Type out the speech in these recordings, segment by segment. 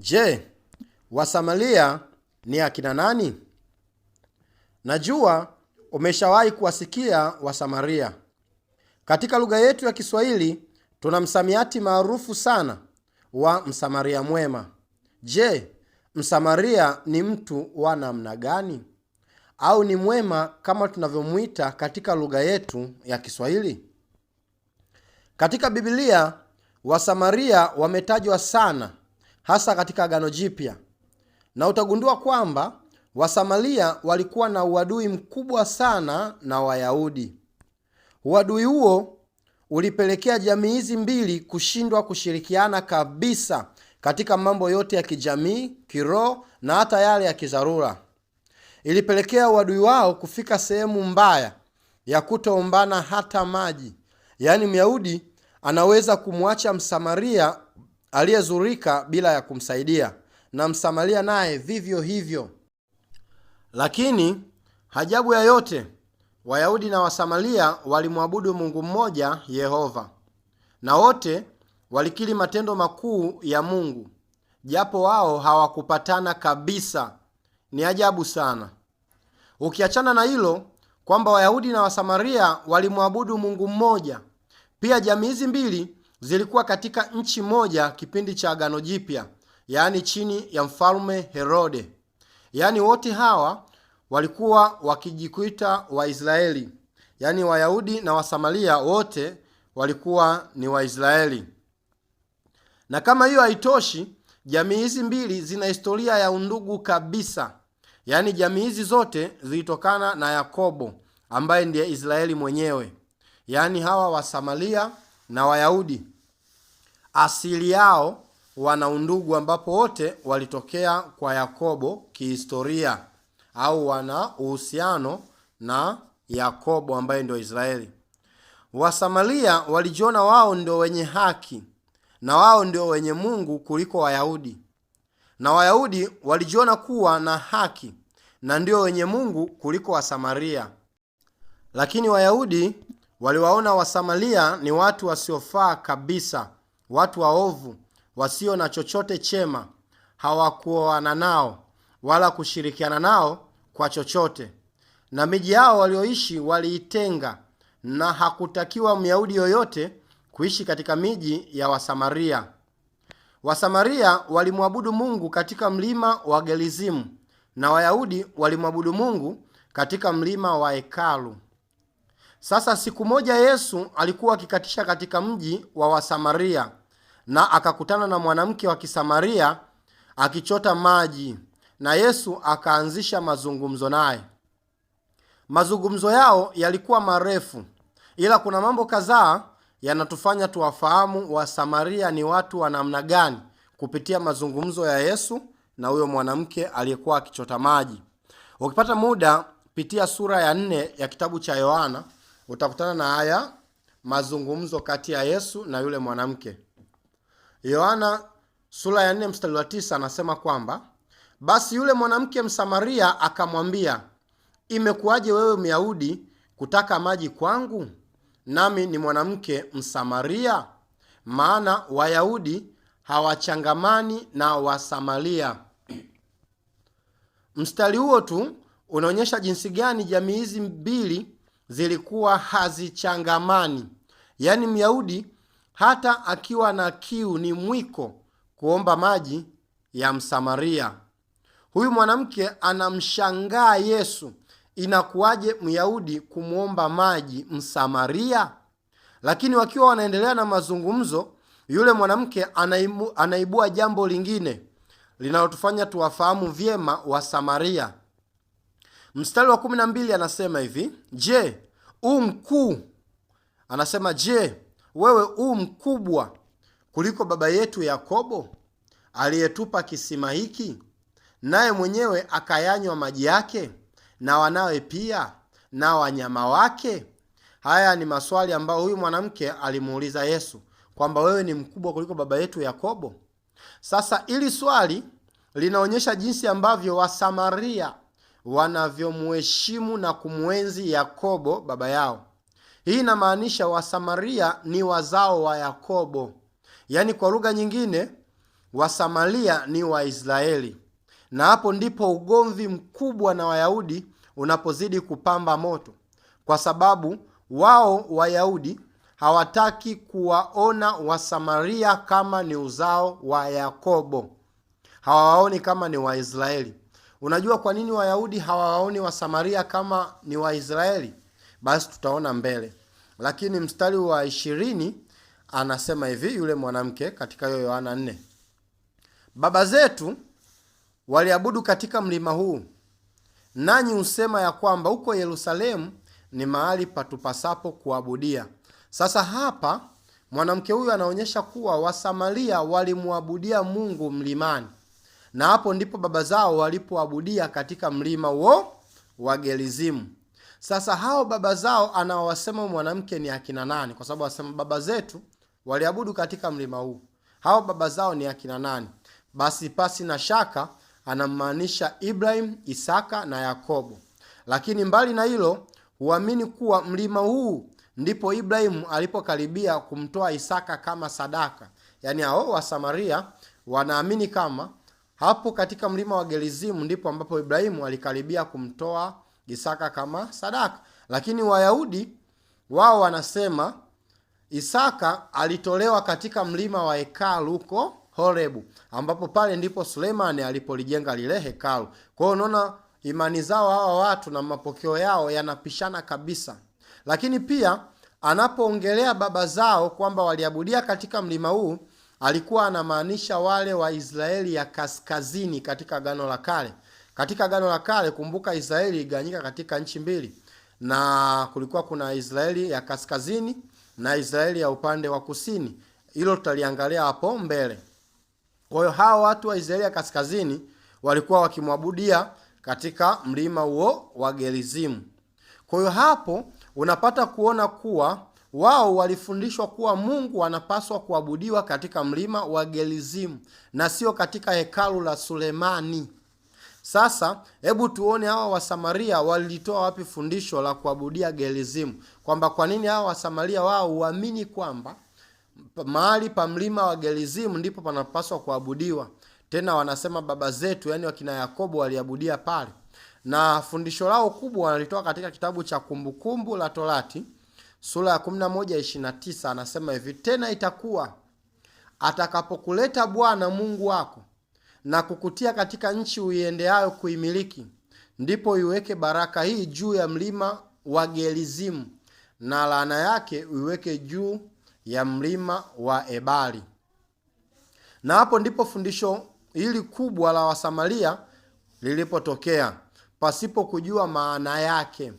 Je, Wasamaria ni akina nani? Najua umeshawahi kuwasikia Wasamaria. Katika lugha yetu ya Kiswahili tuna msamiati maarufu sana wa Msamaria mwema. Je, Msamaria ni mtu wa namna gani? Au ni mwema kama tunavyomwita katika lugha yetu ya Kiswahili? Katika Biblia Wasamaria wametajwa sana hasa katika Agano Jipya, na utagundua kwamba Wasamaria walikuwa na uadui mkubwa sana na Wayahudi. Uadui huo ulipelekea jamii hizi mbili kushindwa kushirikiana kabisa katika mambo yote ya kijamii, kiroho na hata yale ya kidharura. Ilipelekea uadui wao kufika sehemu mbaya ya kutoombana hata maji, yaani Myahudi anaweza kumwacha Msamaria aliyezurika bila ya kumsaidia, na Msamaria naye vivyo hivyo. Lakini hajabu ya yote, Wayahudi na Wasamaria walimwabudu Mungu mmoja Yehova, na wote walikili matendo makuu ya Mungu, japo wao hawakupatana kabisa. Ni ajabu sana. Ukiachana na hilo kwamba Wayahudi na Wasamaria walimwabudu Mungu mmoja, pia jamii hizi mbili zilikuwa katika nchi moja kipindi cha Agano Jipya, yaani chini ya mfalme Herode. Yaani wote hawa walikuwa wakijikuita Waisraeli, yaani Wayahudi na Wasamaria wote walikuwa ni Waisraeli. Na kama hiyo haitoshi, jamii hizi mbili zina historia ya undugu kabisa. Yaani jamii hizi zote zilitokana na Yakobo ambaye ndiye Israeli mwenyewe, yaani hawa Wasamaria na Wayahudi asili yao wana undugu ambapo wote walitokea kwa Yakobo kihistoria au wana uhusiano na Yakobo ambaye ndio Israeli. Wasamaria walijiona wao ndio wenye haki na wao ndio wenye Mungu kuliko Wayahudi, na Wayahudi walijiona kuwa na haki na ndio wenye Mungu kuliko Wasamaria. Lakini Wayahudi waliwaona Wasamaria ni watu wasiofaa kabisa watu waovu wasio na chochote chema hawakuoana nao wala kushirikiana nao kwa chochote, na miji yao walioishi waliitenga, na hakutakiwa Myahudi yoyote kuishi katika miji ya Wasamaria. Wasamaria walimwabudu Mungu katika mlima wa Gerizimu, na Wayahudi walimwabudu Mungu katika mlima wa hekalu. Sasa siku moja Yesu alikuwa akikatisha katika mji wa Wasamaria, na akakutana na mwanamke wa Kisamaria akichota maji, na Yesu akaanzisha mazungumzo naye. Mazungumzo yao yalikuwa marefu, ila kuna mambo kadhaa yanatufanya tuwafahamu Wasamaria ni watu wa namna gani kupitia mazungumzo ya Yesu na huyo mwanamke aliyekuwa akichota maji. Ukipata muda, pitia sura ya nne ya kitabu cha Yohana, utakutana na haya mazungumzo kati ya Yesu na yule mwanamke. Yohana sura ya 4 mstari wa 9 anasema kwamba basi yule mwanamke Msamaria akamwambia, imekuwaje wewe Myahudi kutaka maji kwangu, nami ni mwanamke Msamaria? Maana Wayahudi hawachangamani na Wasamaria. Mstari huo tu unaonyesha jinsi gani jamii hizi mbili zilikuwa hazichangamani, yaani Myahudi hata akiwa na kiu ni mwiko kuomba maji ya Msamaria. Huyu mwanamke anamshangaa Yesu, inakuwaje Myahudi kumwomba maji Msamaria? Lakini wakiwa wanaendelea na mazungumzo, yule mwanamke anaibu, anaibua jambo lingine linalotufanya tuwafahamu vyema Samaria. Mstari wa 12 anasema hivi, je, u mkuu anasema je wewe uu mkubwa kuliko baba yetu Yakobo aliyetupa kisima hiki, naye mwenyewe akayanywa maji yake, na wanawe pia na wanyama wake? Haya ni maswali ambayo huyu mwanamke alimuuliza Yesu kwamba wewe ni mkubwa kuliko baba yetu Yakobo. Sasa ili swali linaonyesha jinsi ambavyo Wasamaria wanavyomheshimu na kumwenzi Yakobo baba yao. Hii inamaanisha Wasamaria ni wazao wa Yakobo, yaani kwa lugha nyingine Wasamaria ni Waisraeli, na hapo ndipo ugomvi mkubwa na Wayahudi unapozidi kupamba moto, kwa sababu wao Wayahudi hawataki kuwaona Wasamaria kama ni uzao wa Yakobo, hawawaoni kama ni Waisraeli. Unajua kwa nini Wayahudi hawawaoni Wasamaria kama ni Waisraeli? basi tutaona mbele. Lakini mstari wa ishirini anasema hivi yule mwanamke katika hiyo Yohana nne, baba zetu waliabudu katika mlima huu, nanyi husema ya kwamba huko Yerusalemu ni mahali patupasapo kuabudia. Sasa hapa mwanamke huyu anaonyesha kuwa Wasamaria walimwabudia Mungu mlimani, na hapo ndipo baba zao walipoabudia katika mlima wo wa Gerizimu. Sasa hao baba zao anaowasema mwanamke ni akina nani? Kwa sababu wasema baba zetu waliabudu katika mlima huu. Hao baba zao ni akina nani? Basi pasi na shaka anamaanisha Ibrahim, Isaka na Yakobo. Lakini mbali na hilo, huamini kuwa mlima huu ndipo Ibrahimu alipokaribia kumtoa Isaka kama sadaka. Yaani hao wa Samaria wanaamini kama hapo katika mlima wa Gerizimu ndipo ambapo Ibrahimu alikaribia kumtoa Isaka kama sadaka. Lakini Wayahudi wao wanasema Isaka alitolewa katika mlima wa hekalu huko Horebu, ambapo pale ndipo Sulemani alipolijenga lile hekalu. Kwa hiyo unaona imani zao hawa watu na mapokeo yao yanapishana kabisa. Lakini pia anapoongelea baba zao kwamba waliabudia katika mlima huu, alikuwa anamaanisha wale wa Israeli ya kaskazini katika gano la Kale. Katika Agano la Kale, kumbuka Israeli iligawanyika katika nchi mbili, na kulikuwa kuna Israeli ya kaskazini na Israeli ya upande wa kusini. Hilo tutaliangalia hapo mbele. Kwa hiyo hao watu wa Israeli ya kaskazini walikuwa wakimwabudia katika mlima huo wa Gerizimu. Kwa hiyo hapo unapata kuona kuwa wao walifundishwa kuwa Mungu anapaswa kuabudiwa katika mlima wa Gerizimu na sio katika hekalu la Sulemani. Sasa hebu tuone hawa Wasamaria walitoa wapi fundisho la kuabudia gerizimu, kwamba kwa nini hawa Wasamaria wao huamini kwamba mahali pa mlima wa Gerizimu ndipo panapaswa kuabudiwa. Tena wanasema baba zetu, yani wakina Yakobo waliabudia pale, na fundisho lao kubwa wanalitoa katika kitabu cha Kumbukumbu la Torati sura ya 11:29 anasema hivi: tena itakuwa atakapokuleta Bwana Mungu wako na kukutia katika nchi uiendeayo kuimiliki, ndipo iweke baraka hii juu ya mlima wa Gerizimu na laana yake uiweke juu ya mlima wa Ebali. Na hapo ndipo fundisho hili kubwa la Wasamaria lilipotokea pasipo kujua maana yake.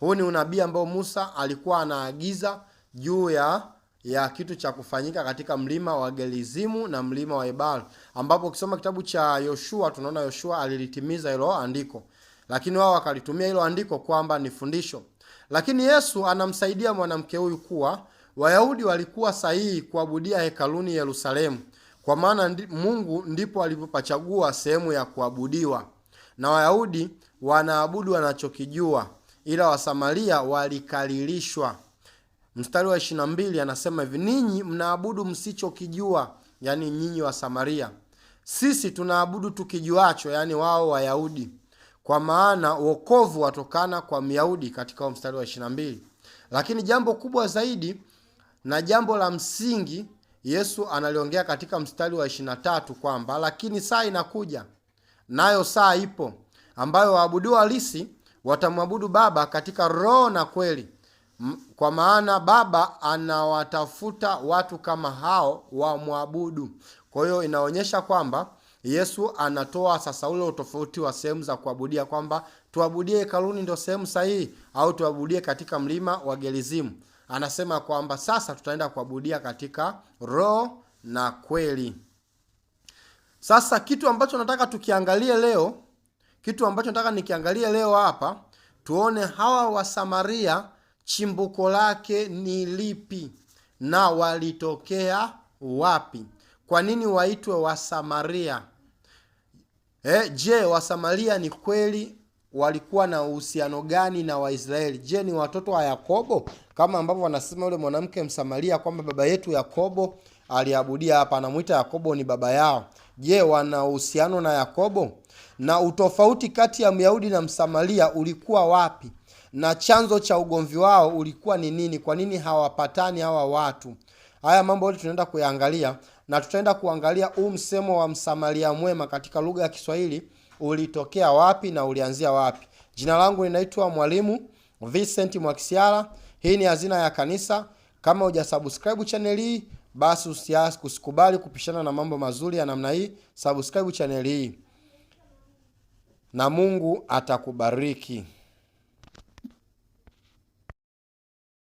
Huu ni unabii ambao Musa alikuwa anaagiza juu ya ya kitu cha kufanyika katika mlima wa Gerizimu na mlima wa Ebal, ambapo ukisoma kitabu cha Yoshua tunaona Yoshua alilitimiza hilo andiko, lakini wao wakalitumia hilo andiko kwamba ni fundisho. Lakini Yesu anamsaidia mwanamke huyu kuwa Wayahudi walikuwa sahihi kuabudia hekaluni Yerusalemu, kwa maana ndi, Mungu ndipo alipopachagua sehemu ya kuabudiwa, na Wayahudi wanaabudu wanachokijua, ila Wasamaria walikalilishwa mstari wa 22 anasema hivi, ninyi mnaabudu msichokijua, yani nyinyi wa Samaria, sisi tunaabudu tukijuacho, yani wao Wayahudi, kwa maana wokovu watokana kwa Myahudi, katika mstari wa 22. Lakini jambo kubwa zaidi na jambo la msingi Yesu analiongea katika mstari wa 23 kwamba lakini saa inakuja nayo saa ipo, ambayo waabudiwa halisi watamwabudu Baba katika roho na kweli kwa maana Baba anawatafuta watu kama hao wamwabudu. Kwa hiyo inaonyesha kwamba Yesu anatoa sasa ule utofauti wa sehemu za kuabudia, kwamba tuabudie hekaluni ndio sehemu sahihi au tuabudie katika mlima wa Gerizimu. Anasema kwamba sasa tutaenda kuabudia katika roho na kweli. Sasa kitu ambacho nataka tukiangalie leo, kitu ambacho nataka nikiangalie leo hapa, tuone hawa Wasamaria chimbuko lake ni lipi na walitokea wapi? Kwa nini waitwe Wasamaria? E, je, Wasamaria ni kweli walikuwa na uhusiano gani na Waisraeli? Je, ni watoto wa Yakobo kama ambavyo wanasema yule mwanamke Msamaria kwamba baba yetu Yakobo aliabudia hapa? Anamwita Yakobo ni baba yao. Je, wana uhusiano na Yakobo? Na utofauti kati ya Myahudi na Msamaria ulikuwa wapi? na chanzo cha ugomvi wao ulikuwa ni nini, kwa nini hawapatani hawa watu. Haya mambo yote tunaenda kuyaangalia na tutaenda kuangalia huu msemo wa Msamaria mwema katika lugha ya Kiswahili ulitokea wapi na ulianzia wapi. Jina langu linaitwa Mwalimu Vincent Mwakisyala. Hii ni Hazina ya Kanisa. Kama hujasubscribe channel hii, basi usiasi kusikubali kupishana na mambo mazuri ya namna hii. Subscribe channel hii na Mungu atakubariki.